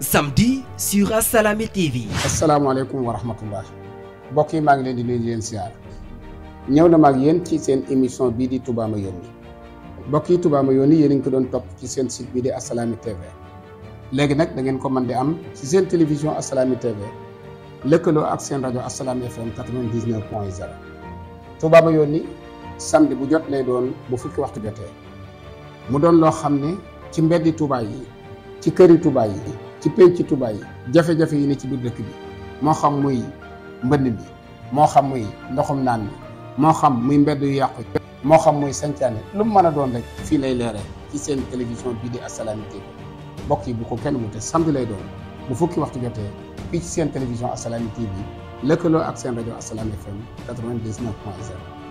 samedi sur Assalaamy TV. asalaamaaleykum wa rahmatullah mbokk yi maa ngi leen di nuyu leen siyaar ñëw na maag yéen ci seen émission bii di Touba ma yónni mbokk yi Touba ma yónni yéen a ngi ko doon topp ci seen site bii di Assalaamy TV léegi nag dangeen ko man di am ci seen télévision Assalaamy TV lëkkaloo ak seen rajo Assalaamy FM 99 point 0 Touba ma yónni samedi bu jot lay doon bu fukki waxtu jotee mu doon loo xam ne ci mbeddi Touba yi ci këri Touba yi. ci pénc ci tubaay yi jafe-jafe yi ne ci biir dëkk bi moo xam muy mbënn bi moo xam muy ndoxum naan bi moo xam muy mbedd yu yàqu moo xam muy sancaane lu mu mën a doon rek fii lay leeree ci seen télévision bii di Assalaamy TV mbokk yi bu ko kenn wute samedi lay doon bu fukki waxtu jotee fii ci seen télévision Assalaamy bi lëkkaloo ak seen rajo Assalaamy FM 99 point 0